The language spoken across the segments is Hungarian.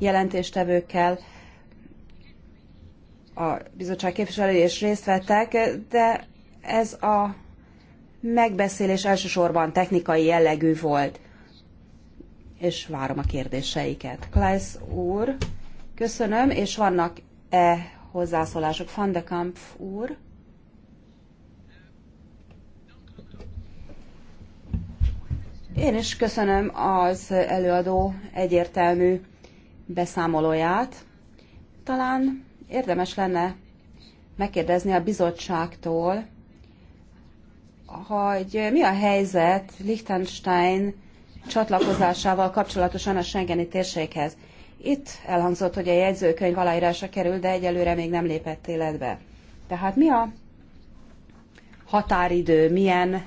jelentéstevőkkel, a bizottság képviselői is részt vettek, de ez a megbeszélés elsősorban technikai jellegű volt. És várom a kérdéseiket. Klaes úr, köszönöm, és vannak-e hozzászólások? Van de Kamp úr. Én is köszönöm az előadó egyértelmű beszámolóját. Talán érdemes lenne megkérdezni a bizottságtól, hogy mi a helyzet Liechtenstein csatlakozásával kapcsolatosan a Schengeni térséghez. Itt elhangzott, hogy a jegyzőkönyv aláírása kerül, de egyelőre még nem lépett életbe. Tehát mi a határidő, milyen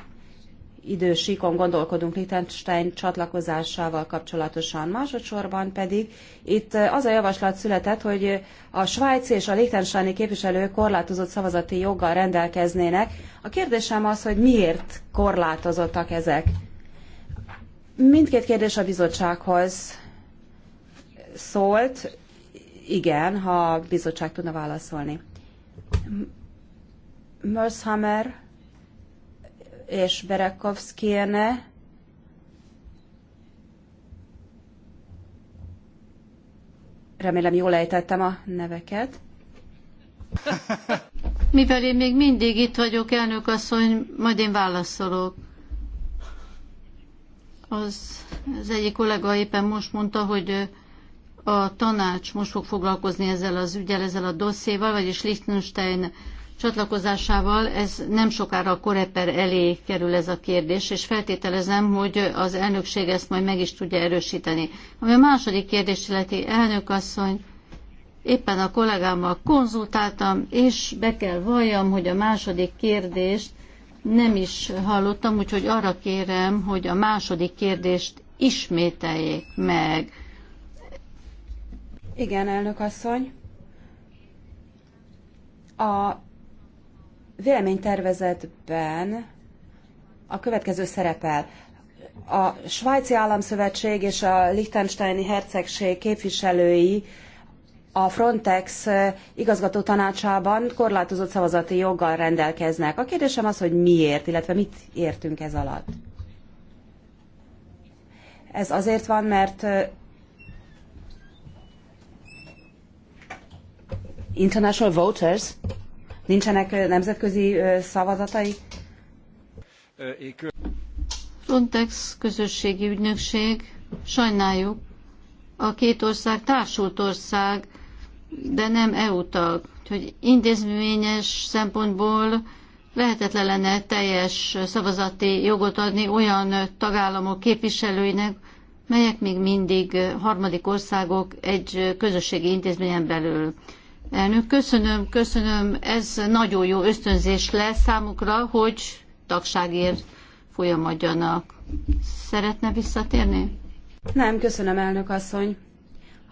idősíkon gondolkodunk Liechtenstein csatlakozásával kapcsolatosan. Másodszorban pedig itt eh, az a javaslat született, hogy a Svájc és a Liechtensteini képviselők korlátozott szavazati joggal rendelkeznének. A kérdésem az, hogy miért korlátozottak ezek? Mindkét kérdés a bizottsághoz szólt. Igen, ha a bizottság tudna válaszolni. Mörshammer és Berekovszkéne, remélem jól ejtettem a neveket. Mivel én még mindig itt vagyok, elnök asszony, majd én válaszolok. Az, az egyik kollega éppen most mondta, hogy a tanács most fog foglalkozni ezzel az ügyel, ezzel a dosszéval, vagyis Liechtenstein csatlakozásával ez nem sokára a koreper elé kerül ez a kérdés, és feltételezem, hogy az elnökség ezt majd meg is tudja erősíteni. Ami a második kérdés illeti elnök asszony, éppen a kollégámmal konzultáltam, és be kell valljam, hogy a második kérdést nem is hallottam, úgyhogy arra kérem, hogy a második kérdést ismételjék meg. Igen, elnök asszony. A véleménytervezetben a következő szerepel. A Svájci Államszövetség és a Liechtensteini Hercegség képviselői a Frontex igazgató tanácsában korlátozott szavazati joggal rendelkeznek. A kérdésem az, hogy miért, illetve mit értünk ez alatt. Ez azért van, mert International Voters Nincsenek nemzetközi szavazatai? Frontex közösségi ügynökség, sajnáljuk, a két ország társult ország, de nem EU tag. Hogy intézményes szempontból lehetetlen lenne teljes szavazati jogot adni olyan tagállamok képviselőinek, melyek még mindig harmadik országok egy közösségi intézményen belül. Elnök, köszönöm, köszönöm. Ez nagyon jó ösztönzés lesz számukra, hogy tagságért folyamadjanak. Szeretne visszatérni? Nem, köszönöm, elnök asszony.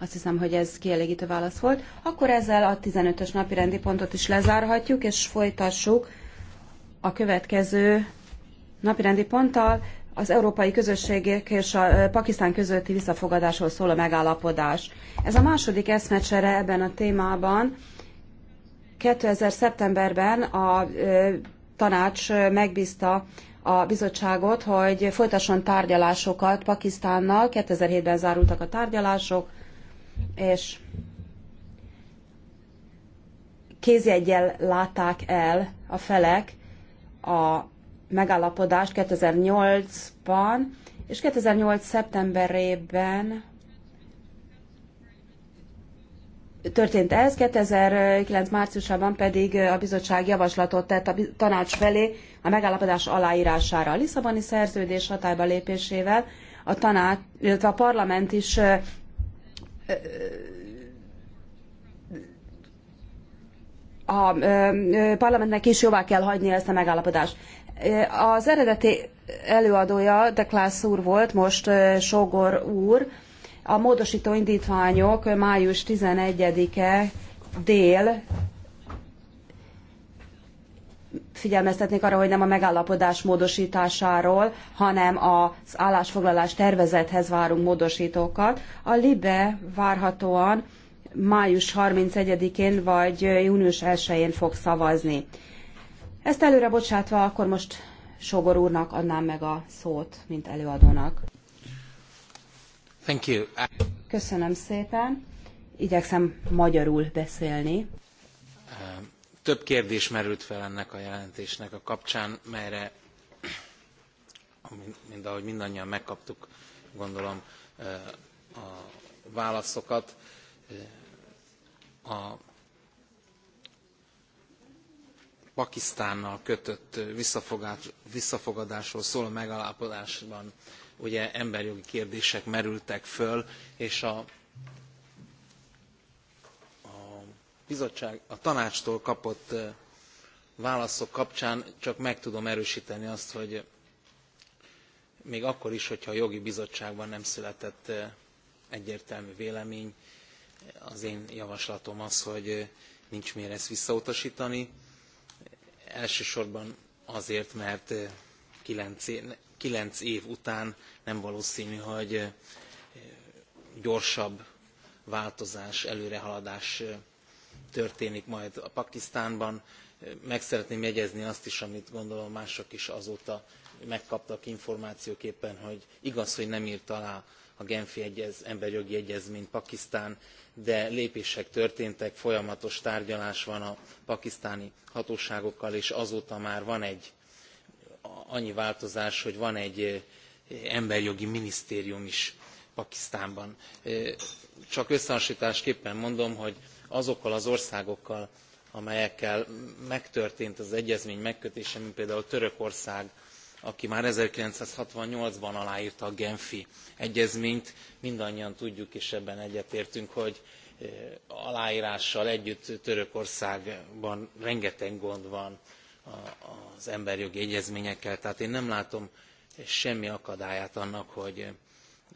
Azt hiszem, hogy ez kielégítő válasz volt. Akkor ezzel a 15-ös napi rendi pontot is lezárhatjuk, és folytassuk a következő napirendi ponttal az európai közösségek és a Pakisztán közötti visszafogadásról szóló megállapodás. Ez a második eszmecsere ebben a témában. 2000. szeptemberben a tanács megbízta a bizottságot, hogy folytasson tárgyalásokat Pakisztánnal. 2007-ben zárultak a tárgyalások, és kézjegyel látták el a felek a megállapodást 2008-ban, és 2008. szeptemberében történt ez, 2009. márciusában pedig a bizottság javaslatot tett a tanács felé a megállapodás aláírására. A Lisszaboni szerződés hatályba lépésével a tanács, illetve a parlament is a parlamentnek is jóvá kell hagyni ezt a megállapodást. Az eredeti előadója de úr volt, most Sogor úr. A módosító indítványok május 11-e dél figyelmeztetnék arra, hogy nem a megállapodás módosításáról, hanem az állásfoglalás tervezethez várunk módosítókat. A LIBE várhatóan május 31-én vagy június 1-én fog szavazni. Ezt előre bocsátva, akkor most Sogor úrnak adnám meg a szót, mint előadónak. Thank you. Köszönöm szépen. Igyekszem magyarul beszélni. Um, több kérdés merült fel ennek a jelentésnek a kapcsán, melyre, mind ahogy mindannyian megkaptuk, gondolom, uh, a válaszokat. Uh, a Pakisztánnal kötött visszafogadásról szóló megállapodásban ugye emberjogi kérdések merültek föl, és a, bizottság, a tanácstól kapott válaszok kapcsán csak meg tudom erősíteni azt, hogy még akkor is, hogyha a jogi bizottságban nem született egyértelmű vélemény, az én javaslatom az, hogy nincs miért ezt visszautasítani elsősorban azért, mert eh, kilenc év után nem valósznű hogy eh, gyorsabb változás, előrehaladás eh, történik majd a Pakisztánban meg szeretném jegyezni azt is, amit gondolom mások is azóta megkaptak információképpen, hogy igaz, hogy nem írt alá a Genfi emberi jogi egyezményt Pakisztán, de lépések történtek, folyamatos tárgyalás van a pakisztáni hatóságokkal, és azóta már van egy annyi változás, hogy van egy eh, emberi jogi minisztérium is Pakisztánban. Eh, csak összehasonltásképpen mondom, hogy azokkal az országokkal, amelyekkel megtörtént az egyezmény megkötése, mint például Törökország, aki már 1968-ban alárta a Genfi egyezményt, mindannyian tudjuk és ebben egyetértünk, hogy eh, alárással együtt Törökországban rengeteg gond van az emberjogi egyezményekkel, tehát én nem látom semmi akadályát annak, hogy eh,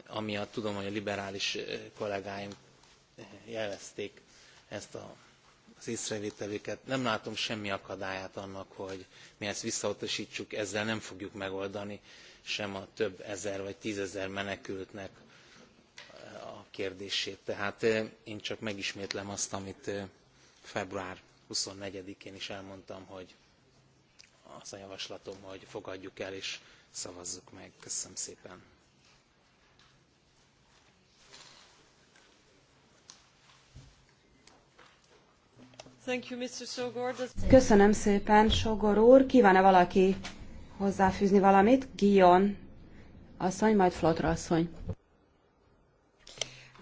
amiatt tudom, hogy a liberális eh, kollegáim jelezték ezt a az észrevételüket. Nem látom semmi akadályát annak, hogy mi ezt visszautasítsuk, ezzel nem fogjuk megoldani sem a több ezer vagy tízezer menekültnek a kérdését. Tehát én csak megismétlem azt, amit február 24-én is elmondtam, hogy az a javaslatom, hogy fogadjuk el és szavazzuk meg. Köszönöm szépen. Köszönöm szépen, Sogor úr. Kíván-e valaki hozzáfűzni valamit? Gion asszony, majd Flotra asszony.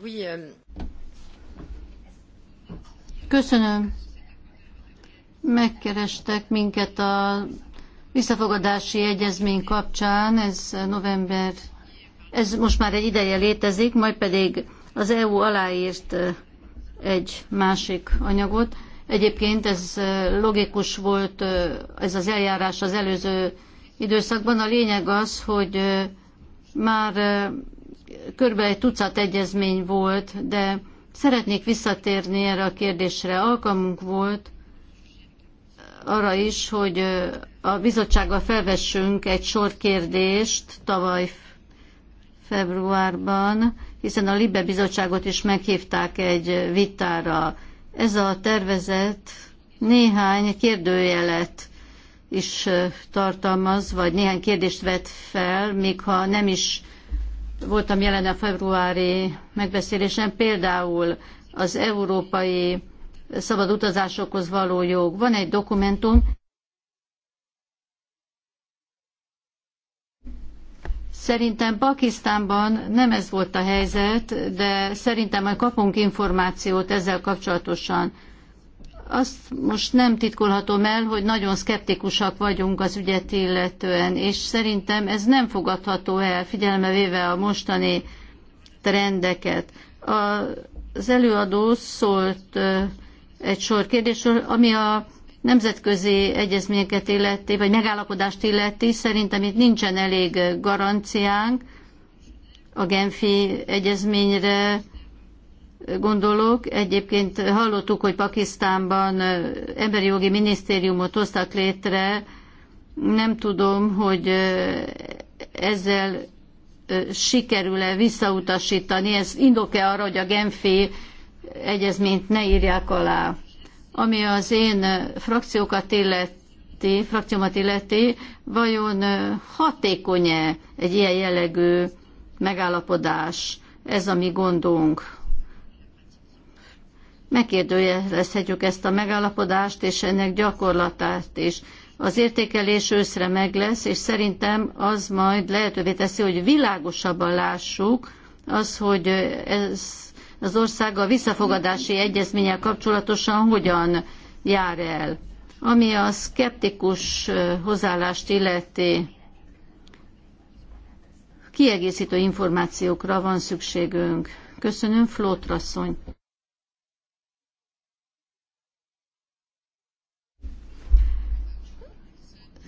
Um- Köszönöm. Megkerestek minket a visszafogadási egyezmény kapcsán, ez november, ez most már egy ideje létezik, majd pedig az EU aláírt eh, egy másik anyagot. Egyébként ez logikus volt, ez az eljárás az előző időszakban. A lényeg az, hogy már kb. egy tucat egyezmény volt, de szeretnék visszatérni erre a kérdésre. Alkalmunk volt arra is, hogy a bizottsággal felvessünk egy sor kérdést tavaly februárban, hiszen a Libe bizottságot is meghívták egy vitára. Ez a tervezet néhány kérdőjelet is tartalmaz, vagy néhány kérdést vet fel, még ha nem is voltam jelen a februári megbeszélésen, például az európai szabad utazásokhoz való jog. Van egy dokumentum, Szerintem Pakisztánban nem ez volt a helyzet, de szerintem majd kapunk információt ezzel kapcsolatosan. Azt most nem titkolhatom el, hogy nagyon szkeptikusak vagyunk az ügyet illetően, és szerintem ez nem fogadható el, figyelembe véve a mostani trendeket. az előadó szólt egy sor kérdésről, ami a nemzetközi egyezményeket illeti, vagy megállapodást illeti, szerintem itt nincsen elég garanciánk, a Genfi egyezményre gondolok. Egyébként hallottuk, hogy Pakisztánban emberi jogi minisztériumot hoztak létre. Nem tudom, hogy ezzel sikerül-e visszautasítani. Ez indok-e arra, hogy a Genfi egyezményt ne írják alá? Ami az én frakciókat illeti, frakciómat illeti, vajon hatékony-e egy ilyen jellegű megállapodás? Ez a mi gondunk. Megkérdőjelezhetjük ezt a megállapodást és ennek gyakorlatát is. Az értékelés őszre meg lesz, és szerintem az majd lehetővé teszi, hogy világosabban lássuk az, hogy ez az ország a visszafogadási egyezménnyel kapcsolatosan hogyan jár el. Ami a szkeptikus hozzáállást illeti, kiegészítő információkra van szükségünk. Köszönöm, Flótrasszony.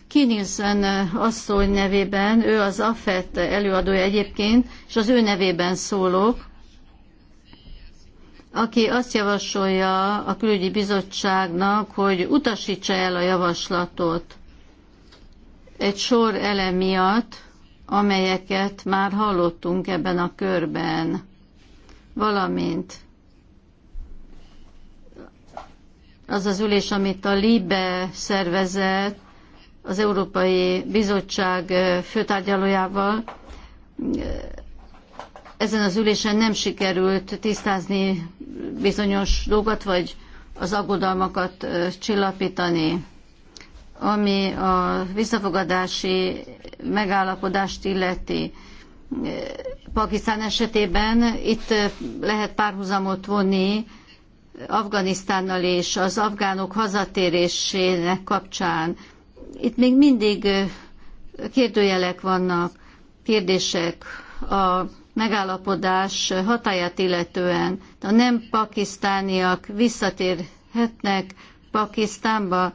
Kinilsen asszony nevében, ő az AFET előadója egyébként, és az ő nevében szólok aki azt javasolja a külügyi bizottságnak, hogy utasítsa el a javaslatot egy sor elem miatt, amelyeket már hallottunk ebben a körben, valamint az az ülés, amit a LIBE szervezett az Európai Bizottság főtárgyalójával, ezen az ülésen nem sikerült tisztázni bizonyos dolgot, vagy az aggodalmakat csillapítani. Ami a visszafogadási megállapodást illeti, Pakisztán esetében itt lehet párhuzamot vonni Afganisztánnal és az afgánok hazatérésének kapcsán. Itt még mindig kérdőjelek vannak, kérdések a megállapodás hatáját illetően a nem pakisztániak visszatérhetnek Pakisztánba,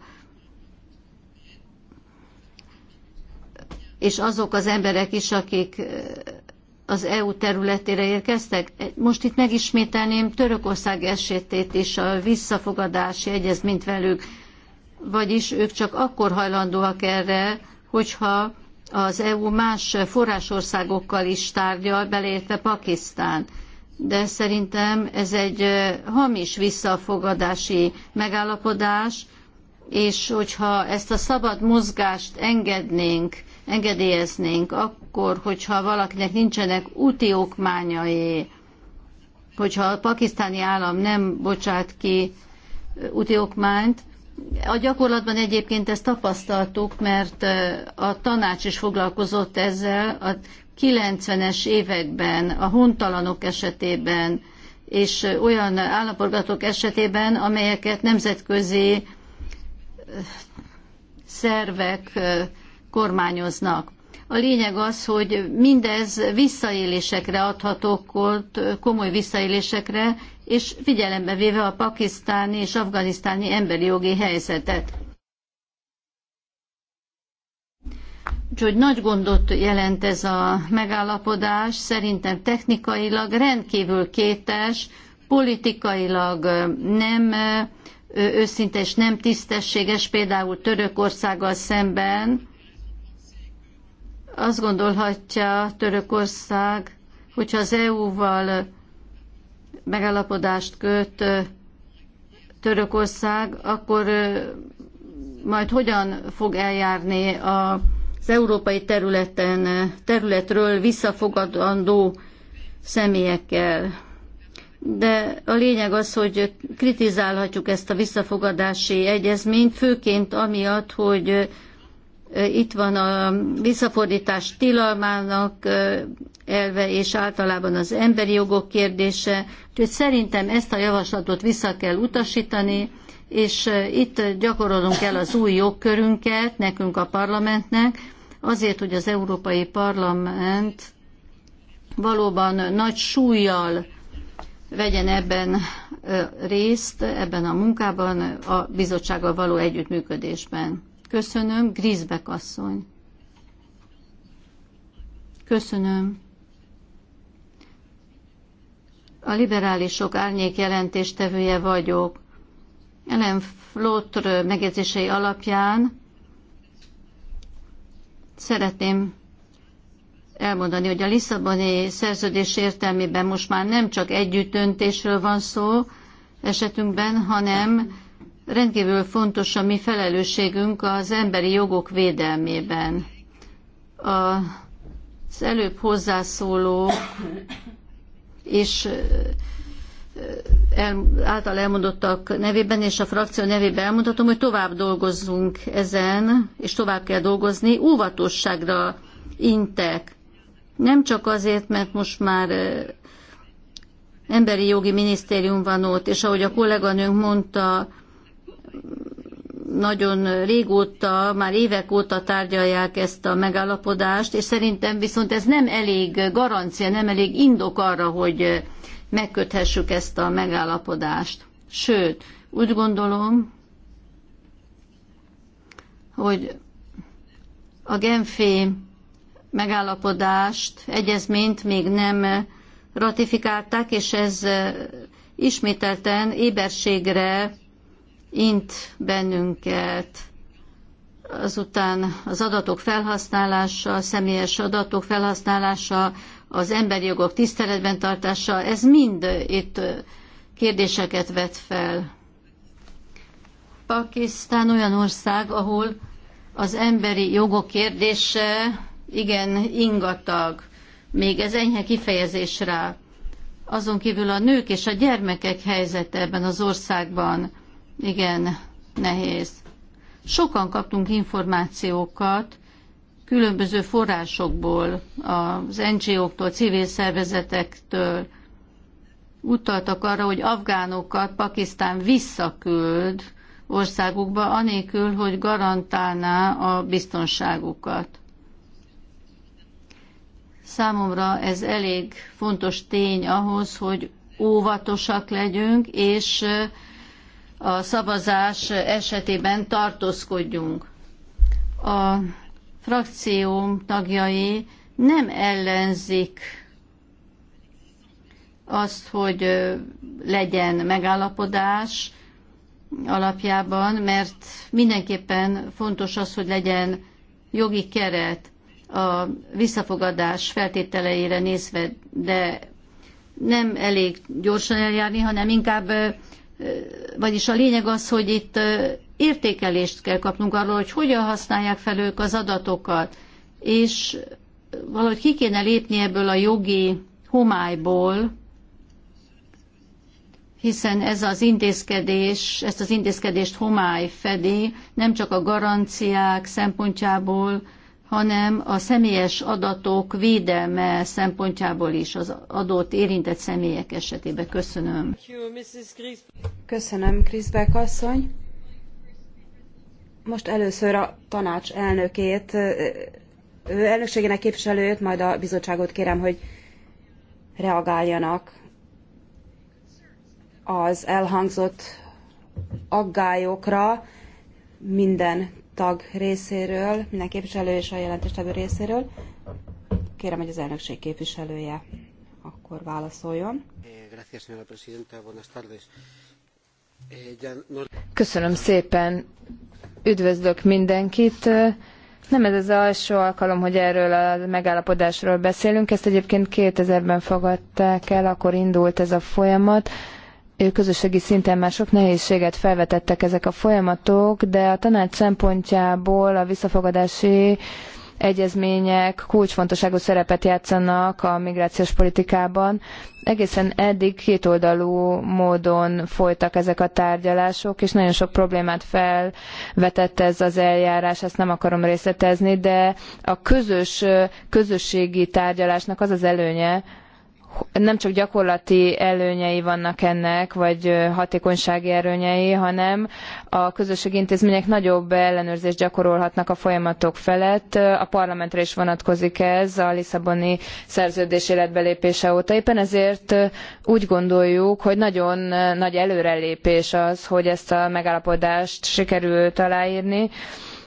és azok az emberek is, akik az EU területére érkeztek. Most itt megismételném Törökország esetét is, a visszafogadási egyezményt velük, vagyis ők csak akkor hajlandóak erre, hogyha az EU más forrásországokkal is tárgyal, beleértve Pakisztánt de szerintem ez egy hamis visszafogadási megállapodás, és hogyha ezt a szabad mozgást engednénk, engedélyeznénk, akkor, hogyha valakinek nincsenek úti okmányai, hogyha a pakisztáni állam nem bocsát ki úti okmányt, a gyakorlatban egyébként ezt tapasztaltuk, mert a tanács is foglalkozott ezzel a 90-es években, a hontalanok esetében, és olyan állapolgatók esetében, amelyeket nemzetközi szervek kormányoznak. A lényeg az, hogy mindez visszaélésekre adhatók, komoly visszaélésekre, és figyelembe véve a pakisztáni és afganisztáni emberi jogi helyzetet. Úgyhogy nagy gondot jelent ez a megállapodás, szerintem technikailag rendkívül kétes, politikailag nem őszinte és nem tisztességes, például Törökországgal szemben. Azt gondolhatja Törökország, hogyha az EU-val megállapodást köt Törökország, akkor majd hogyan fog eljárni az európai területen, területről visszafogadandó személyekkel. De a lényeg az, hogy kritizálhatjuk ezt a visszafogadási egyezményt, főként amiatt, hogy itt van a visszafordítás tilalmának elve, és általában az emberi jogok kérdése. Úgyhogy szerintem ezt a javaslatot vissza kell utasítani, és itt gyakorolunk el az új jogkörünket, nekünk a parlamentnek, azért, hogy az Európai Parlament valóban nagy súlyjal vegyen ebben részt, ebben a munkában, a bizottsággal való együttműködésben. Köszönöm, Grisbek asszony. Köszönöm. A liberálisok árnyék jelentéstevője vagyok. Ellen Flotr megjegyzései alapján szeretném elmondani, hogy a Lisszaboni szerződés értelmében most már nem csak együttöntésről van szó esetünkben, hanem Rendkívül fontos a mi felelősségünk az emberi jogok védelmében. Az előbb hozzászóló és el, által elmondottak nevében és a frakció nevében elmondhatom, hogy tovább dolgozzunk ezen, és tovább kell dolgozni. Óvatosságra intek. Nem csak azért, mert most már emberi jogi minisztérium van ott, és ahogy a kolléganőnk mondta, nagyon régóta, már évek óta tárgyalják ezt a megállapodást, és szerintem viszont ez nem elég garancia, nem elég indok arra, hogy megköthessük ezt a megállapodást. Sőt, úgy gondolom, hogy a Genfi megállapodást, egyezményt még nem ratifikálták, és ez ismételten éberségre int bennünket, azután az adatok felhasználása, személyes adatok felhasználása, az emberi jogok tiszteletben tartása, ez mind itt kérdéseket vet fel. Pakisztán olyan ország, ahol az emberi jogok kérdése igen ingatag, még ez enyhe kifejezés rá. Azon kívül a nők és a gyermekek helyzete ebben az országban igen nehéz. Sokan kaptunk információkat különböző forrásokból, az NGO-któl, civil szervezetektől, utaltak arra, hogy afgánokat Pakisztán visszaküld országukba, anélkül, hogy garantálná a biztonságukat. Számomra ez elég fontos tény ahhoz, hogy óvatosak legyünk, és a szavazás esetében tartózkodjunk. A frakcióm tagjai nem ellenzik azt, hogy legyen megállapodás alapjában, mert mindenképpen fontos az, hogy legyen jogi keret a visszafogadás feltételeire nézve, de nem elég gyorsan eljárni, hanem inkább vagyis a lényeg az, hogy itt értékelést kell kapnunk arról, hogy hogyan használják fel ők az adatokat, és valahogy ki kéne lépni ebből a jogi homályból, hiszen ez az intézkedés, ezt az intézkedést homály fedi, nem csak a garanciák szempontjából, hanem a személyes adatok védelme szempontjából is az adott érintett személyek esetében. Köszönöm. Köszönöm, Kriszbek asszony. Most először a tanács elnökét, elnökségének képviselőjét, majd a bizottságot kérem, hogy reagáljanak az elhangzott aggályokra minden tag részéről, minden képviselő és a jelentéstevő részéről. Kérem, hogy az elnökség képviselője akkor válaszoljon. Eh, eh, Köszönöm szépen, üdvözlök mindenkit. Nem ez az első alkalom, hogy erről a megállapodásról beszélünk. Ezt egyébként 2000-ben fogadták el, akkor indult ez a folyamat közösségi szinten már sok nehézséget felvetettek ezek a folyamatok, de a tanács szempontjából a visszafogadási egyezmények kulcsfontosságú szerepet játszanak a migrációs politikában. Egészen eddig kétoldalú módon folytak ezek a tárgyalások, és nagyon sok problémát felvetett ez az eljárás, ezt nem akarom részletezni, de a közös közösségi tárgyalásnak az az előnye, nem csak gyakorlati előnyei vannak ennek, vagy hatékonysági előnyei, hanem a közösségi intézmények nagyobb ellenőrzést gyakorolhatnak a folyamatok felett. A parlamentre is vonatkozik ez a Lisszaboni szerződés életbelépése óta. Éppen ezért úgy gondoljuk, hogy nagyon nagy előrelépés az, hogy ezt a megállapodást sikerült aláírni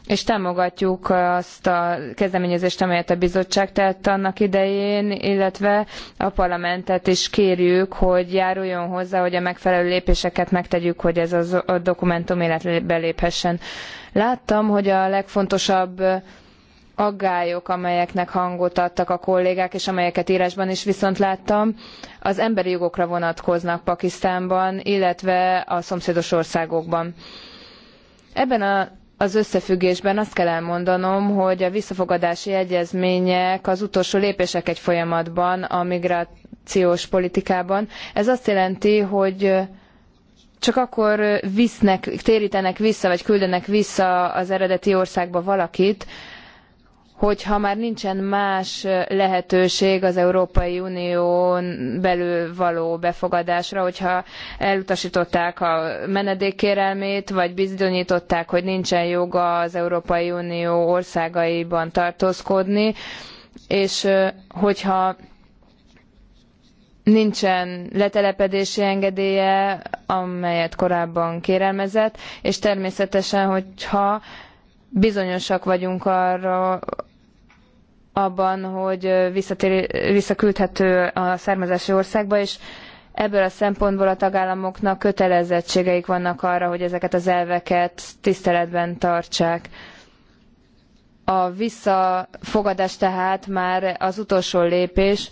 és támogatjuk azt a kezdeményezést, amelyet a bizottság tett annak idején, illetve a parlamentet is kérjük, hogy járuljon hozzá, hogy a megfelelő lépéseket megtegyük, hogy ez az, a dokumentum életbe léphessen. Láttam, hogy a legfontosabb aggályok, amelyeknek hangot adtak a kollégák, és amelyeket írásban is viszont láttam, az emberi jogokra vonatkoznak Pakisztánban, illetve a szomszédos országokban. Ebben a az összefüggésben azt kell elmondanom, hogy a visszafogadási egyezmények az utolsó lépések egy folyamatban a migrációs politikában. Ez azt jelenti, hogy csak akkor visznek, térítenek vissza, vagy küldenek vissza az eredeti országba valakit, hogy ha már nincsen más lehetőség az Európai Unión belül való befogadásra, hogyha elutasították a menedékkérelmét, vagy bizonyították, hogy nincsen joga az Európai Unió országaiban tartózkodni, és hogyha nincsen letelepedési engedélye, amelyet korábban kérelmezett, és természetesen, hogyha bizonyosak vagyunk arra, abban, hogy visszatér, visszaküldhető a származási országba, és ebből a szempontból a tagállamoknak kötelezettségeik vannak arra, hogy ezeket az elveket tiszteletben tartsák. A visszafogadás tehát már az utolsó lépés,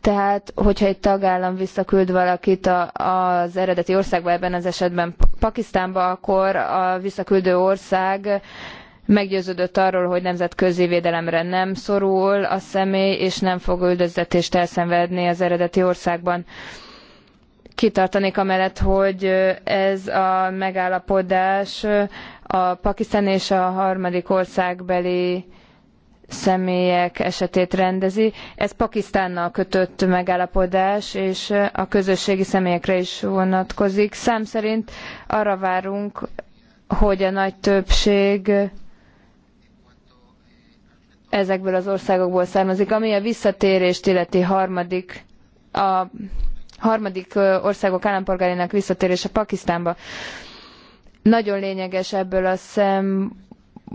tehát, hogyha egy tagállam visszaküld valakit a, az eredeti országba, ebben az esetben Pakisztánba, akkor a visszaküldő ország meggyőződött arról, hogy nemzetközi védelemre nem szorul a személy, és nem fog üldöztetést elszenvedni az eredeti országban. Kitartanék amellett, hogy ez a megállapodás a pakisztáni és a harmadik országbeli személyek esetét rendezi. Ez Pakisztánnal kötött megállapodás, és a közösségi személyekre is vonatkozik. Szám szerint arra várunk, hogy a nagy többség ezekből az országokból származik. Ami a visszatérést illeti harmadik, a harmadik országok állampolgárinak visszatérése Pakisztánba. Nagyon lényeges ebből a szem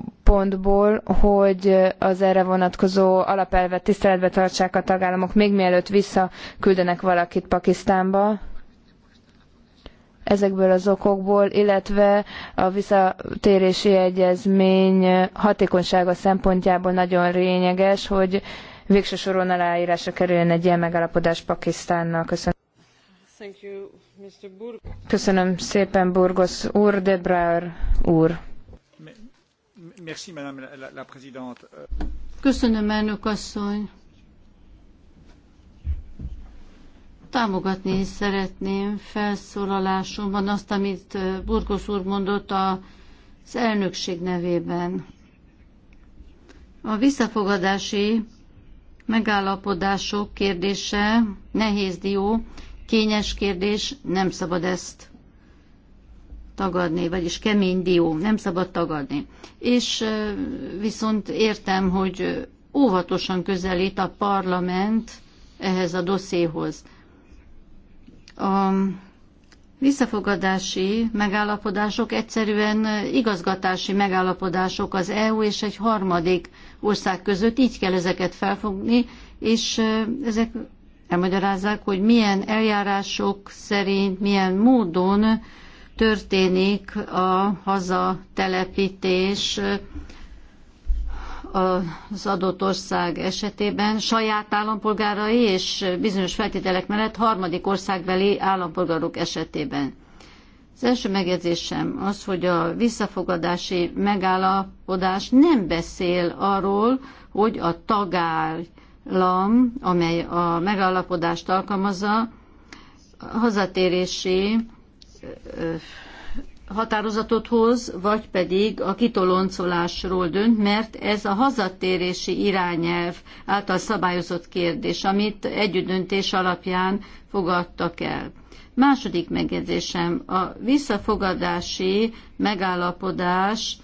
szempontból, hogy az erre vonatkozó alapelvet tiszteletbe tartsák a tagállamok, még mielőtt visszaküldenek valakit Pakisztánba ezekből az okokból, illetve a visszatérési egyezmény hatékonysága szempontjából nagyon lényeges, hogy végső soron aláírásra kerüljön egy ilyen megállapodás Pakisztánnal. Köszönöm. Köszönöm szépen, Burgos úr, Debraer úr. Merci, Madame la, la Présidente. Köszönöm, elnök asszony. Támogatni szeretném felszólalásomban azt, amit Burgos úr mondott az elnökség nevében. A visszafogadási megállapodások kérdése nehéz dió, kényes kérdés, nem szabad ezt tagadni, vagyis kemény dió, nem szabad tagadni. És viszont értem, hogy óvatosan közelít a parlament ehhez a dosszéhoz. A visszafogadási megállapodások egyszerűen igazgatási megállapodások az EU és egy harmadik ország között, így kell ezeket felfogni, és ezek elmagyarázzák, hogy milyen eljárások szerint, milyen módon történik a hazatelepítés az adott ország esetében saját állampolgárai és bizonyos feltételek mellett harmadik országbeli állampolgárok esetében. Az első megjegyzésem az, hogy a visszafogadási megállapodás nem beszél arról, hogy a tagállam, amely a megállapodást alkalmazza, hazatérési határozatot hoz, vagy pedig a kitoloncolásról dönt, mert ez a hazatérési irányelv által szabályozott kérdés, amit együttdöntés alapján fogadtak el. Második megjegyzésem, a visszafogadási megállapodás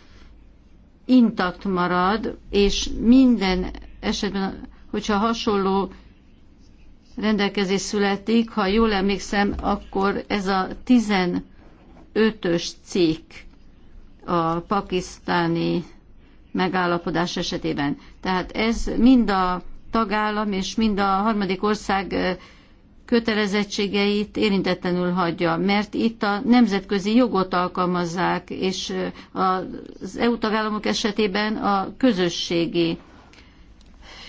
intakt marad, és minden esetben, hogyha hasonló rendelkezés születik, ha jól emlékszem, akkor ez a 15-ös cikk a pakisztáni megállapodás esetében. Tehát ez mind a tagállam és mind a harmadik ország kötelezettségeit érintetlenül hagyja, mert itt a nemzetközi jogot alkalmazzák, és az EU tagállamok esetében a közösségi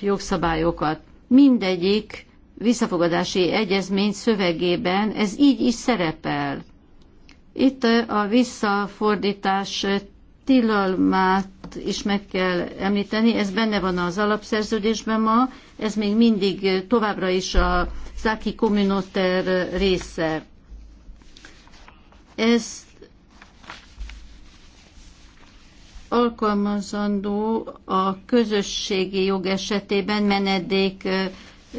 jogszabályokat. Mindegyik visszafogadási egyezmény szövegében ez így is szerepel. Itt a visszafordítás tilalmát is meg kell említeni, ez benne van az alapszerződésben ma, ez még mindig továbbra is a Záki Kommunoter része. Ez alkalmazandó a közösségi jog esetében menedék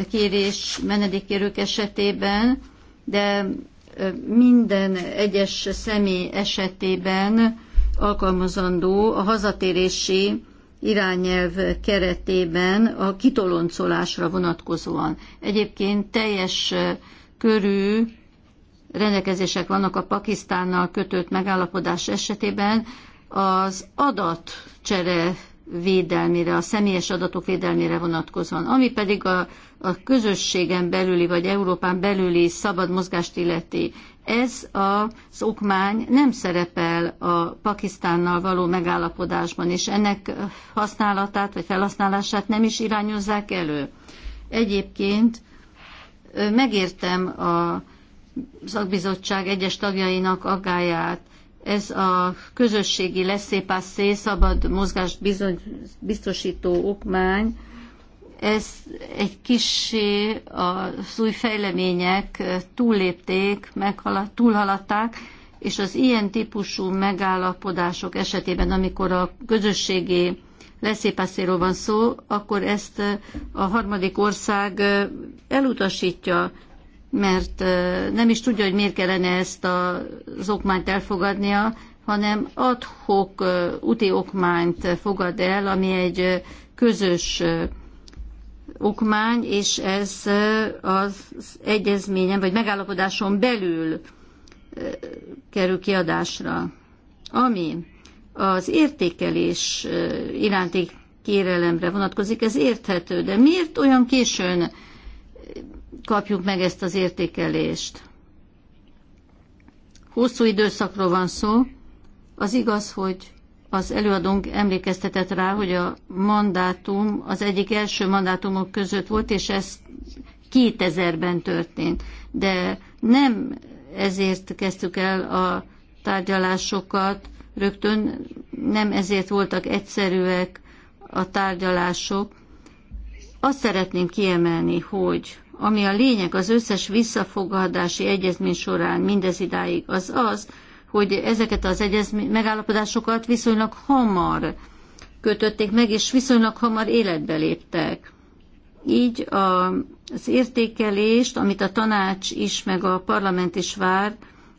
kérés menedékkérők esetében, de minden egyes személy esetében alkalmazandó a hazatérési irányelv keretében a kitoloncolásra vonatkozóan. Egyébként teljes körű rendelkezések vannak a Pakisztánnal kötött megállapodás esetében az adatcsere védelmére, a személyes adatok védelmére vonatkozóan. Ami pedig a, a közösségen belüli vagy Európán belüli szabad mozgást illeti, ez az okmány nem szerepel a Pakisztánnal való megállapodásban, és ennek használatát vagy felhasználását nem is irányozzák elő. Egyébként megértem a szakbizottság egyes tagjainak aggáját, ez a közösségi leszépászé, szabad mozgás bizony, biztosító okmány, ez egy kisé az új fejlemények túllépték, meghalad, túlhaladták, és az ilyen típusú megállapodások esetében, amikor a közösségi leszépászéről van szó, akkor ezt a harmadik ország elutasítja mert nem is tudja, hogy miért kellene ezt az okmányt elfogadnia, hanem adhok úti okmányt fogad el, ami egy közös okmány, és ez az egyezményen vagy megállapodáson belül kerül kiadásra. Ami az értékelés iránti kérelemre vonatkozik, ez érthető, de miért olyan későn kapjuk meg ezt az értékelést. Hosszú időszakról van szó. Az igaz, hogy az előadónk emlékeztetett rá, hogy a mandátum az egyik első mandátumok között volt, és ez 2000-ben történt. De nem ezért kezdtük el a tárgyalásokat rögtön, nem ezért voltak egyszerűek a tárgyalások. Azt szeretném kiemelni, hogy ami a lényeg az összes visszafogadási egyezmény során mindez idáig, az az, hogy ezeket az egyezmény, megállapodásokat viszonylag hamar kötötték meg, és viszonylag hamar életbe léptek. Így a, az értékelést, amit a tanács is, meg a parlament is vár,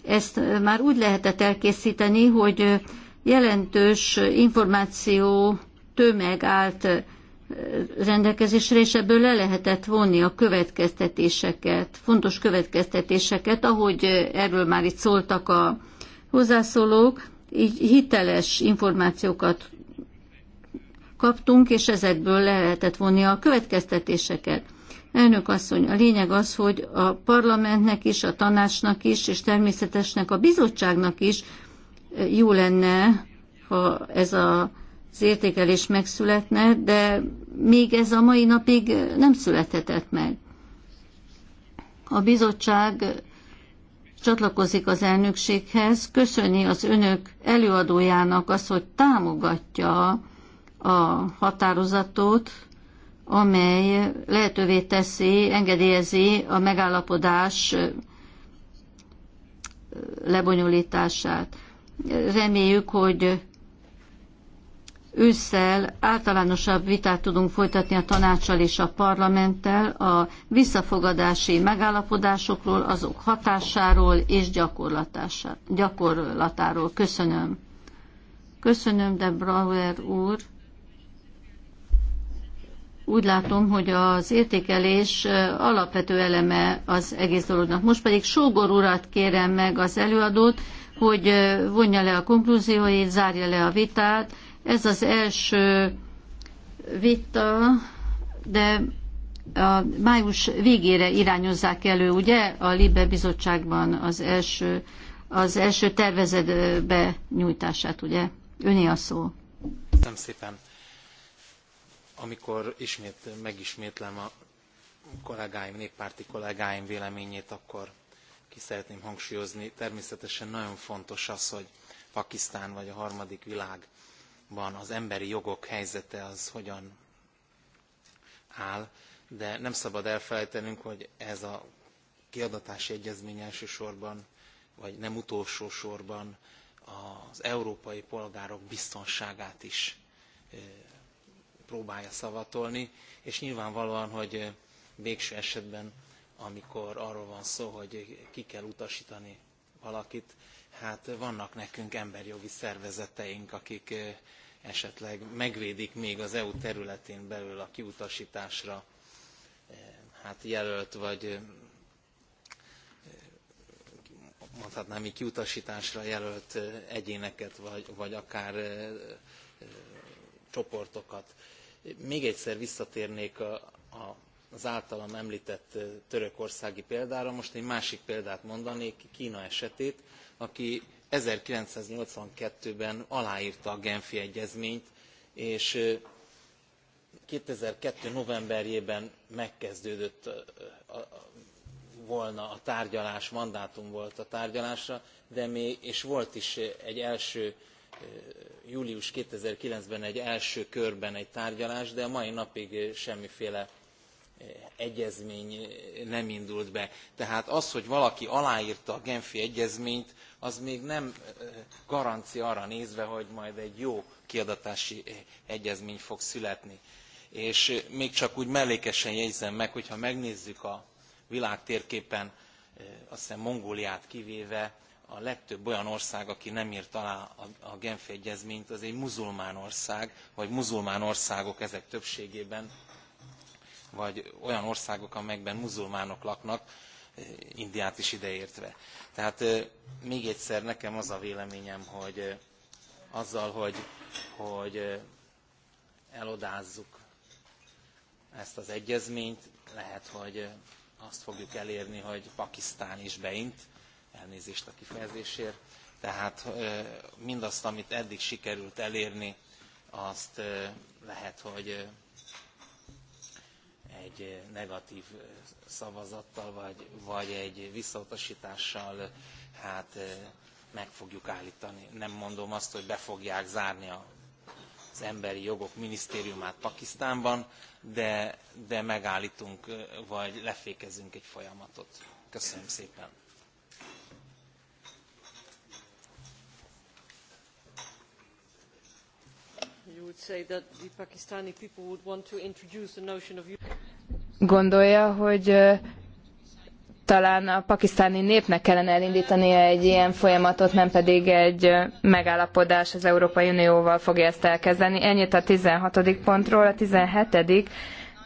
ezt már úgy lehetett elkészíteni, hogy jelentős információ tömeg állt rendelkezésre, és ebből le lehetett vonni a következtetéseket, fontos következtetéseket, ahogy erről már itt szóltak a hozzászólók, így hiteles információkat kaptunk, és ezekből le lehetett vonni a következtetéseket. Elnök asszony, a lényeg az, hogy a parlamentnek is, a tanácsnak is, és természetesnek a bizottságnak is jó lenne, ha ez a az értékelés megszületne, de még ez a mai napig nem születhetett meg. A bizottság csatlakozik az elnökséghez, köszöni az önök előadójának azt, hogy támogatja a határozatot, amely lehetővé teszi, engedélyezi a megállapodás lebonyolítását. Reméljük, hogy ősszel általánosabb vitát tudunk folytatni a tanácssal és a parlamenttel a visszafogadási megállapodásokról, azok hatásáról és gyakorlatáról. Köszönöm. Köszönöm, de Brauer úr. Úgy látom, hogy az értékelés alapvető eleme az egész dolognak. Most pedig Sógor urat kérem meg az előadót, hogy vonja le a konklúzióit, zárja le a vitát, ez az első vita, de a május végére irányozzák elő, ugye, a Libe bizottságban az első, az első tervezetbe nyújtását, ugye? Öné a szó. Köszönöm szépen. Amikor ismét megismétlem a kollégáim, néppárti kollégáim véleményét, akkor ki szeretném hangsúlyozni. Természetesen nagyon fontos az, hogy Pakisztán vagy a harmadik világ Irakban az emberi jogok helyzete az hogyan áll, de nem szabad elfelejtenünk, hogy ez a kiadatási egyezmény elsősorban, vagy nem utolsó sorban az európai polgárok biztonságát is próbálja szavatolni, és nyilvánvalóan, hogy végső esetben, amikor arról van szó, hogy ki kell utasítani valakit, hát vannak nekünk emberjogi szervezeteink, akik esetleg megvédik még az EU területén belül a kiutasításra hát jelölt vagy mondhatnám így kiutasításra jelölt egyéneket, vagy, vagy akár csoportokat. Még egyszer visszatérnék a, a, az általam említett törökországi példára, most egy másik példát mondanék, Kína esetét aki one thousand nine hundred and eighty two ben alárta a genfi egyezményt és two thousand and two novemberében megkezdődött volna a tárgyalás mandátum volt a tárgyalásra de még és volt is egy első július two thousand and nine ben egy első körben egy tárgyalás de a mai napig semmiféle egyezmény nem indult be. Tehát az, hogy valaki aláírta a Genfi egyezményt, az még nem garancia arra nézve, hogy majd egy jó kiadatási egyezmény fog születni. És még csak úgy mellékesen jegyzem meg, hogy ha megnézzük a világ térképen, azt hiszem Mongóliát kivéve, a legtöbb olyan ország, aki nem írt alá a Genfi egyezményt, az egy muzulmán ország, vagy muzulmán országok ezek többségében vagy olyan országok amelyekben muzulmánok laknak eh, indiát is ideértve. tehát eh, még egyszer nekem az a véleményem hogy eh, azzal hogy, hogy elodázzuk ezt az egyezményt lehet hogy azt fogjuk elérni hogy pakisztán is beint elnézést a kifejezésért tehát mindazt amit eddig sikerült elérni azt lehet hogy egy negatív szavazattal vagy, vagy egy visszautasítással hát eh, meg fogjuk állítani. Nem mondom azt, hogy be fogják zárni a az emberi jogok minisztériumát Pakisztánban, de, de megállítunk, eh, vagy lefékezünk egy folyamatot. Köszönöm szépen. You would say that the Pakistani people would want to introduce the notion of gondolja, hogy talán a pakisztáni népnek kellene elindítania egy ilyen folyamatot, nem pedig egy megállapodás az Európai Unióval fogja ezt elkezdeni. Ennyit a 16. pontról, a 17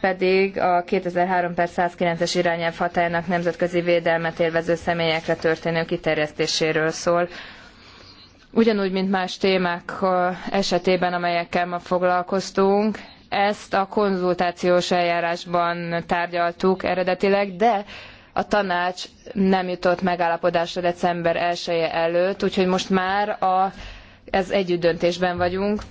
pedig a 2003 per 109-es irányelv hatájának nemzetközi védelmet élvező személyekre történő kiterjesztéséről szól. Ugyanúgy, mint más témák esetében, amelyekkel ma foglalkoztunk, ezt a konzultációs eljárásban tárgyaltuk eredetileg, de a tanács nem jutott megállapodásra december 1 -e előtt, úgyhogy most már a, ez együttdöntésben vagyunk.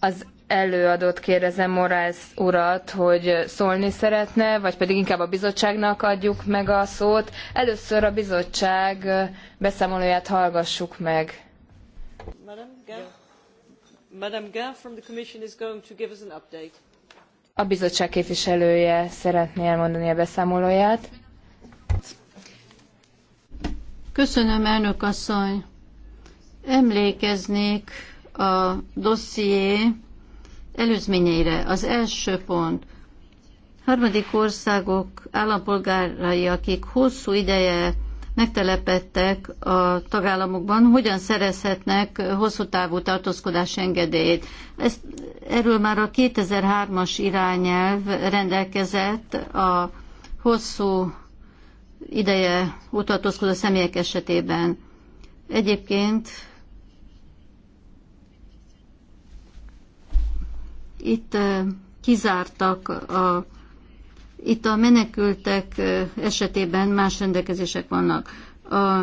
Az előadót kérdezem Morales urat, hogy szólni szeretne, vagy pedig inkább a bizottságnak adjuk meg a szót. Először a bizottság beszámolóját hallgassuk meg. A bizottság képviselője szeretné elmondani a beszámolóját. Köszönöm, elnök asszony. Emlékeznék a dosszié előzményeire. Az első pont. Harmadik országok állampolgárai, akik hosszú ideje megtelepettek a tagállamokban, hogyan szerezhetnek hosszú távú tartózkodás engedélyét. Ezt, erről már a 2003-as irányelv rendelkezett a hosszú ideje utatózkodó személyek esetében. Egyébként itt eh, kizártak a itt a menekültek esetében más rendelkezések vannak. A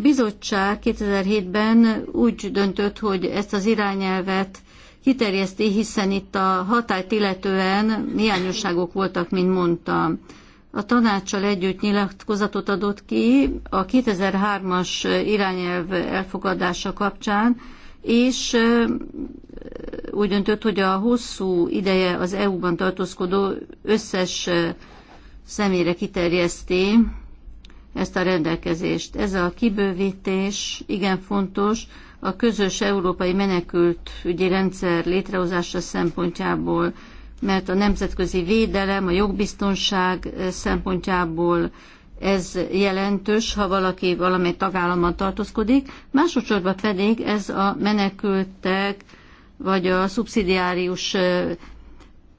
bizottság 2007-ben úgy döntött, hogy ezt az irányelvet kiterjeszti, hiszen itt a hatályt illetően hiányosságok voltak, mint mondtam. A tanácssal együtt nyilatkozatot adott ki a 2003-as irányelv elfogadása kapcsán, és úgy döntött, hogy a hosszú ideje az EU-ban tartózkodó összes személyre kiterjeszti ezt a rendelkezést. Ez a kibővítés igen fontos a közös európai menekült ügyi rendszer létrehozása szempontjából, mert a nemzetközi védelem, a jogbiztonság szempontjából ez jelentős, ha valaki valamely tagállamban tartózkodik, másodszorban pedig ez a menekültek vagy a szubszidiárius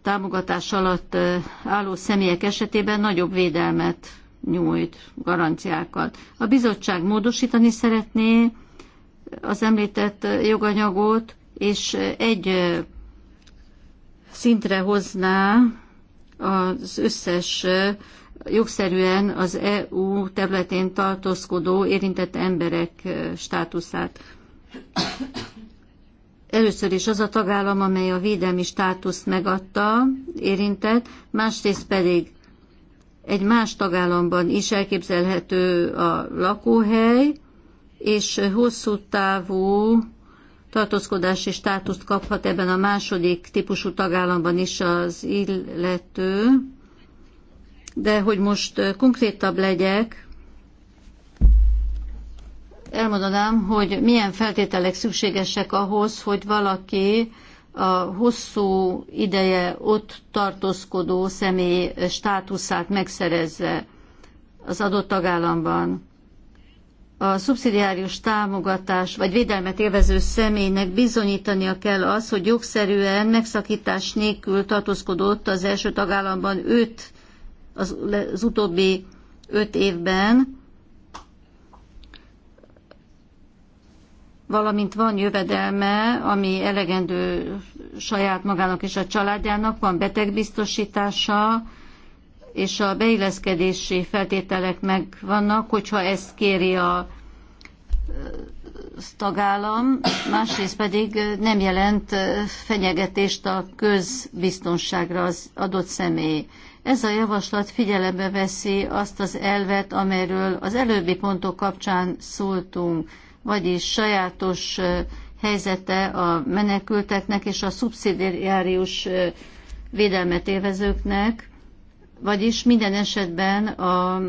támogatás alatt álló személyek esetében nagyobb védelmet nyújt, garanciákat. A bizottság módosítani szeretné az említett joganyagot, és egy szintre hozná az összes jogszerűen az EU területén tartózkodó érintett emberek státuszát. Először is az a tagállam, amely a védelmi státuszt megadta, érintett, másrészt pedig egy más tagállamban is elképzelhető a lakóhely, és hosszú távú tartózkodási státuszt kaphat ebben a második típusú tagállamban is az illető, de hogy most konkrétabb legyek, elmondanám, hogy milyen feltételek szükségesek ahhoz, hogy valaki a hosszú ideje ott tartózkodó személy státuszát megszerezze az adott tagállamban. A szubszidiárius támogatás vagy védelmet élvező személynek bizonyítania kell az, hogy jogszerűen megszakítás nélkül tartózkodott az első tagállamban őt az, az utóbbi öt évben, valamint van jövedelme, ami elegendő saját magának és a családjának, van betegbiztosítása, és a beilleszkedési feltételek meg vannak, hogyha ezt kéri a tagállam, másrészt pedig nem jelent fenyegetést a közbiztonságra az adott személy. Ez a javaslat figyelembe veszi azt az elvet, amelyről az előbbi pontok kapcsán szóltunk, vagyis sajátos helyzete a menekülteknek és a szubszidiárius védelmet élvezőknek, vagyis minden esetben a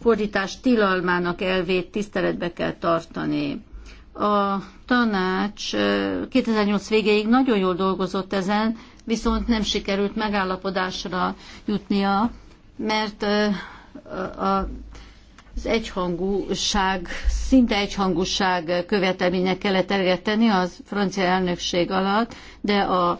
fordítás tilalmának elvét tiszteletbe kell tartani. A tanács 2008 végéig nagyon jól dolgozott ezen, viszont nem sikerült megállapodásra jutnia, mert az egyhangúság, szinte egyhangúság követelménye kellett elérteni az francia elnökség alatt, de a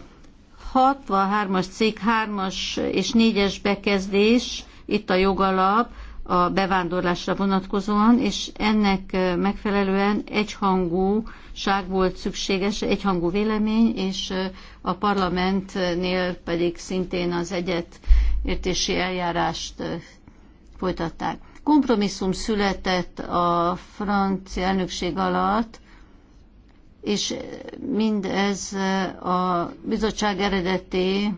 63-as cég 3-as és 4-es bekezdés, itt a jogalap, a bevándorlásra vonatkozóan, és ennek megfelelően egyhangú ság volt szükséges, egyhangú vélemény, és a parlamentnél pedig szintén az egyet értési eljárást folytatták. Kompromisszum született a francia elnökség alatt, és mindez a bizottság eredeti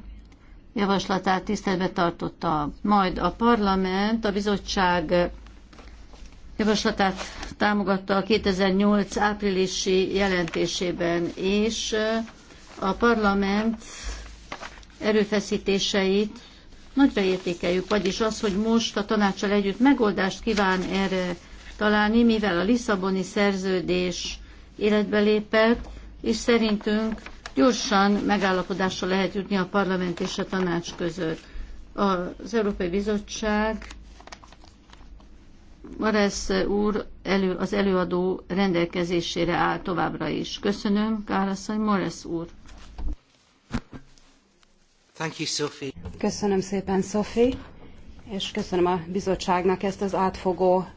javaslatát tiszteletbe tartotta. Majd a parlament a bizottság javaslatát támogatta a 2008 áprilisi jelentésében, és eh, a parlament erőfeszítéseit nagyra értékeljük, vagyis az, hogy most a tanácsal együtt megoldást kíván erre találni, mivel a Lisszaboni szerződés életbe lépett, és szerintünk gyorsan megállapodásra lehet jutni a parlament és a tanács között. Az Európai Bizottság Maresz úr elő, az előadó rendelkezésére áll továbbra is. Köszönöm, Kárasszony Maresz úr. Thank you, Sophie. Köszönöm szépen, Sophie, és köszönöm a bizottságnak ezt az átfogó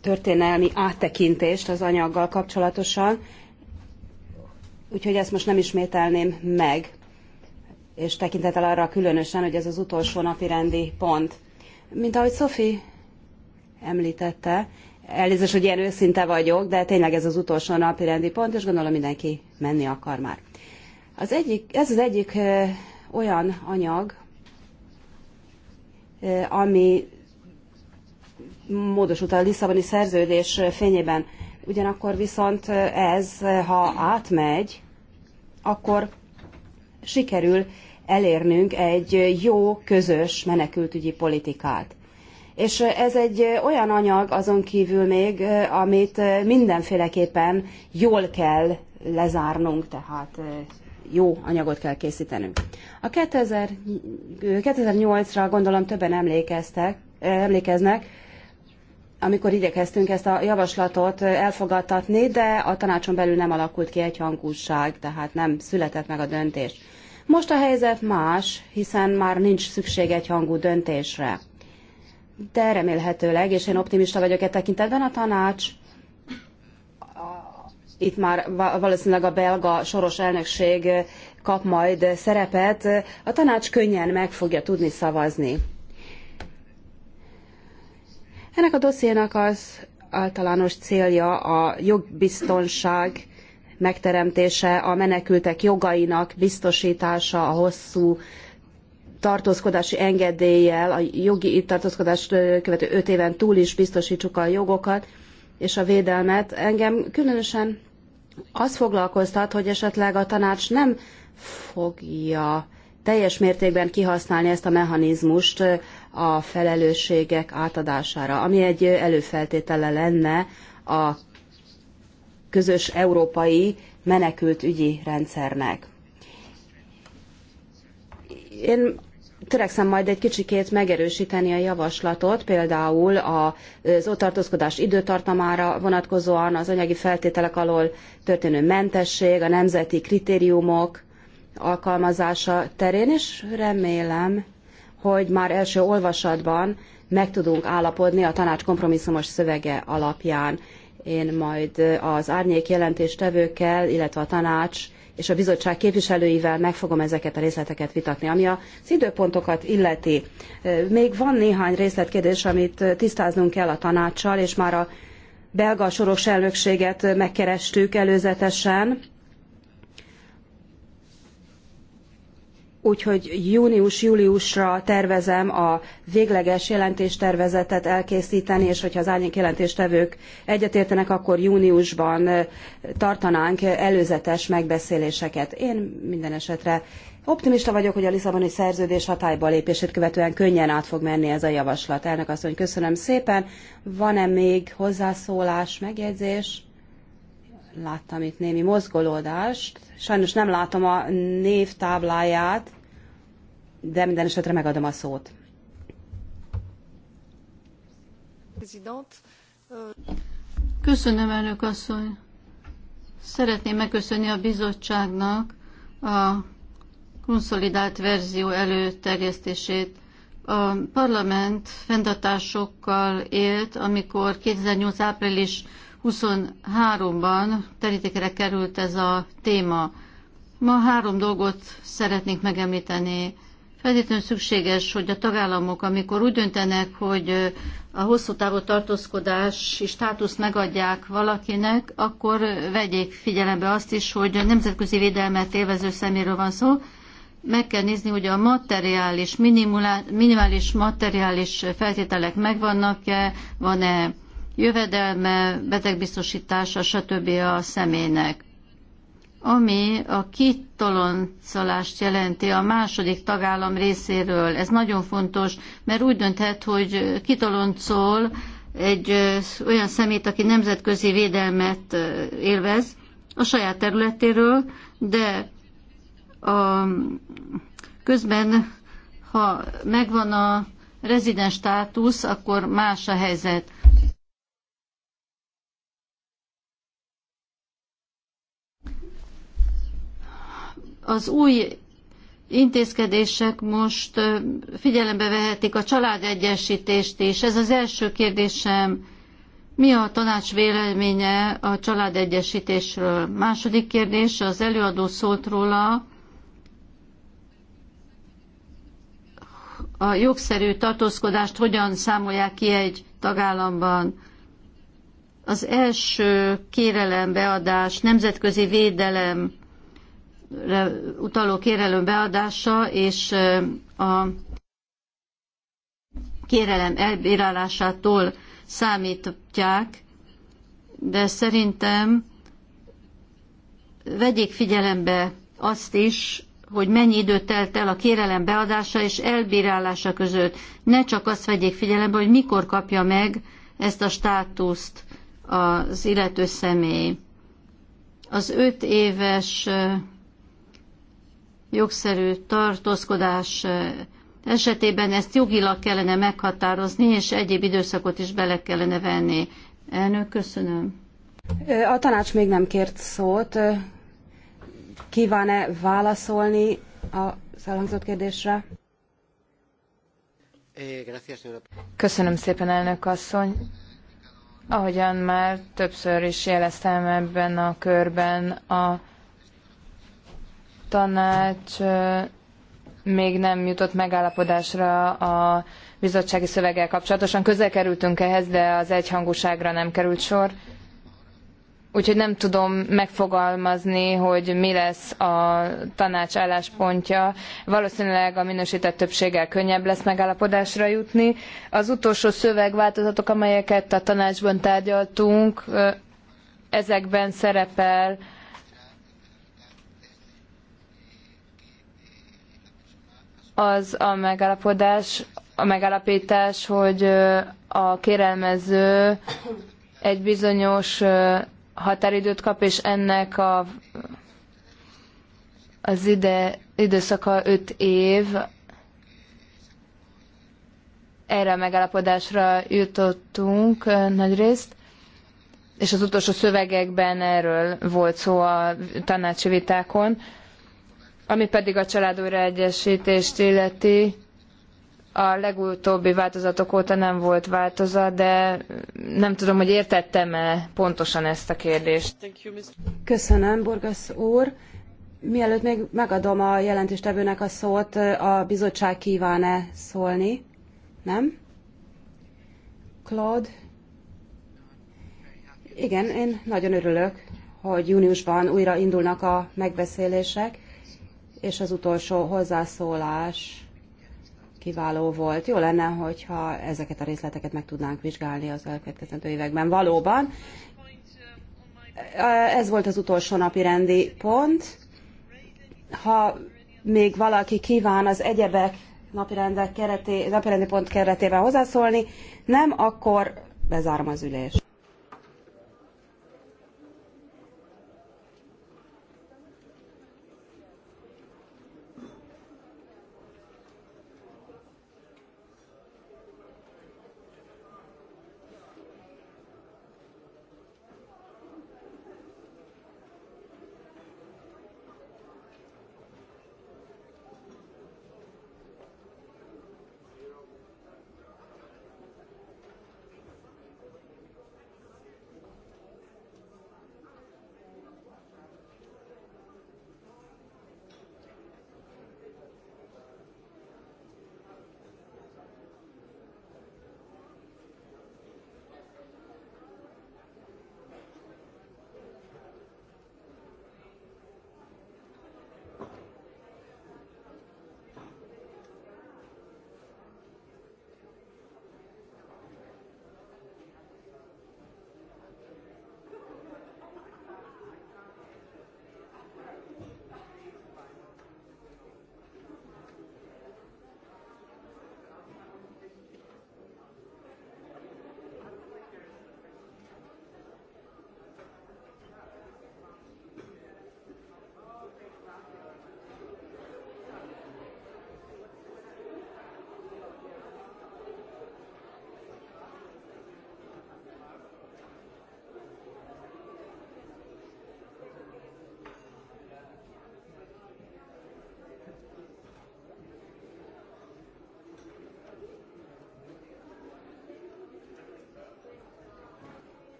történelmi áttekintést az anyaggal kapcsolatosan, úgyhogy ezt most nem ismételném meg, és tekintettel arra különösen, hogy ez az utolsó napi rendi pont. Mint ahogy Sophie említette. Elnézést, hogy ilyen őszinte vagyok, de tényleg ez az utolsó napi rendi pont, és gondolom mindenki menni akar már. Az egyik, ez az egyik olyan anyag, ami módosult a Lisszaboni szerződés fényében. Ugyanakkor viszont ez, ha átmegy, akkor sikerül elérnünk egy jó, közös menekültügyi politikát. És ez egy olyan anyag azon kívül még, amit mindenféleképpen jól kell lezárnunk, tehát jó anyagot kell készítenünk. A 2008-ra gondolom többen emlékeztek, emlékeznek, amikor igyekeztünk ezt a javaslatot elfogadtatni, de a tanácson belül nem alakult ki egyhangúság, tehát nem született meg a döntés. Most a helyzet más, hiszen már nincs szükség egyhangú döntésre de remélhetőleg, és én optimista vagyok e tekintetben, a tanács itt már valószínűleg a belga soros elnökség kap majd szerepet, a tanács könnyen meg fogja tudni szavazni. Ennek a dossziénak az általános célja a jogbiztonság megteremtése, a menekültek jogainak biztosítása, a hosszú tartózkodási engedéllyel, a jogi itt tartózkodást követő öt éven túl is biztosítsuk a jogokat és a védelmet. Engem különösen az foglalkoztat, hogy esetleg a tanács nem fogja teljes mértékben kihasználni ezt a mechanizmust a felelősségek átadására, ami egy előfeltétele lenne a közös európai menekültügyi rendszernek. Én törekszem majd egy kicsikét megerősíteni a javaslatot, például az ott tartózkodás időtartamára vonatkozóan, az anyagi feltételek alól történő mentesség, a nemzeti kritériumok alkalmazása terén, és remélem, hogy már első olvasatban meg tudunk állapodni a tanács kompromisszumos szövege alapján. Én majd az árnyék jelentéstevőkkel, illetve a tanács és a bizottság képviselőivel meg fogom ezeket a részleteket vitatni. Ami az időpontokat illeti, még van néhány részletkérdés, amit tisztáznunk kell a tanácssal, és már a belga soros elnökséget megkerestük előzetesen, úgyhogy június-júliusra tervezem a végleges jelentéstervezetet elkészíteni, és hogyha az árnyék jelentéstevők egyetértenek, akkor júniusban tartanánk előzetes megbeszéléseket. Én minden esetre optimista vagyok, hogy a Lisszaboni szerződés hatályba lépését követően könnyen át fog menni ez a javaslat. Elnök asszony, köszönöm szépen. Van-e még hozzászólás, megjegyzés? láttam itt némi mozgolódást. Sajnos nem látom a név tábláját, de minden esetre megadom a szót. Köszönöm, elnök asszony. Szeretném megköszönni a bizottságnak a konszolidált verzió előterjesztését. A parlament fenntartásokkal élt, amikor 2008. április 23-ban terítékre került ez a téma. Ma három dolgot szeretnénk megemlíteni. Feltétlenül szükséges, hogy a tagállamok, amikor úgy döntenek, hogy a hosszú távú és státuszt megadják valakinek, akkor vegyék figyelembe azt is, hogy nemzetközi védelmet élvező szeméről van szó. Meg kell nézni, hogy a materiális, minimális materiális feltételek megvannak-e, van-e jövedelme, betegbiztosítása, stb. a személynek. Ami a kitoloncolást jelenti a második tagállam részéről, ez nagyon fontos, mert úgy dönthet, hogy kitoloncol egy olyan szemét, aki nemzetközi védelmet élvez a saját területéről, de a, közben, ha megvan a rezidens státusz, akkor más a helyzet. az új intézkedések most figyelembe vehetik a családegyesítést is. Ez az első kérdésem. Mi a tanács véleménye a családegyesítésről? Második kérdés, az előadó szólt róla, a jogszerű tartózkodást hogyan számolják ki egy tagállamban. Az első kérelem, beadás, nemzetközi védelem, utaló kérelem beadása és a kérelem elbírálásától számítják, de szerintem vegyék figyelembe azt is, hogy mennyi idő telt el a kérelem beadása és elbírálása között. Ne csak azt vegyék figyelembe, hogy mikor kapja meg ezt a státuszt az illető személy. Az öt éves jogszerű tartózkodás esetében ezt jogilag kellene meghatározni, és egyéb időszakot is bele kellene venni. Elnök, köszönöm. A tanács még nem kért szót. Kíván-e válaszolni a elhangzott kérdésre? Köszönöm szépen, elnök asszony. Ahogyan már többször is jeleztem ebben a körben, a tanács még nem jutott megállapodásra a bizottsági szöveggel kapcsolatosan. Közel kerültünk ehhez, de az egyhangúságra nem került sor. Úgyhogy nem tudom megfogalmazni, hogy mi lesz a tanács álláspontja. Valószínűleg a minősített többséggel könnyebb lesz megállapodásra jutni. Az utolsó szövegváltozatok, amelyeket a tanácsban tárgyaltunk, ezekben szerepel az a megállapodás, a megállapítás, hogy a kérelmező egy bizonyos határidőt kap, és ennek a, az ide, időszaka 5 év, erre a megállapodásra jutottunk nagyrészt, és az utolsó szövegekben erről volt szó a tanácsi vitákon. Ami pedig a család újraegyesítést illeti, a legutóbbi változatok óta nem volt változat, de nem tudom, hogy értettem-e pontosan ezt a kérdést. Köszönöm, Burgasz úr. Mielőtt még megadom a jelentéstevőnek a szót, a bizottság kíván-e szólni? Nem? Claude? Igen, én nagyon örülök, hogy júniusban újra indulnak a megbeszélések és az utolsó hozzászólás kiváló volt. Jó lenne, hogyha ezeket a részleteket meg tudnánk vizsgálni az elkövetkezendő években valóban. Ez volt az utolsó napi rendi pont. Ha még valaki kíván az egyebek napirendek kereté, napirendi pont keretében hozzászólni, nem, akkor bezárom az ülést.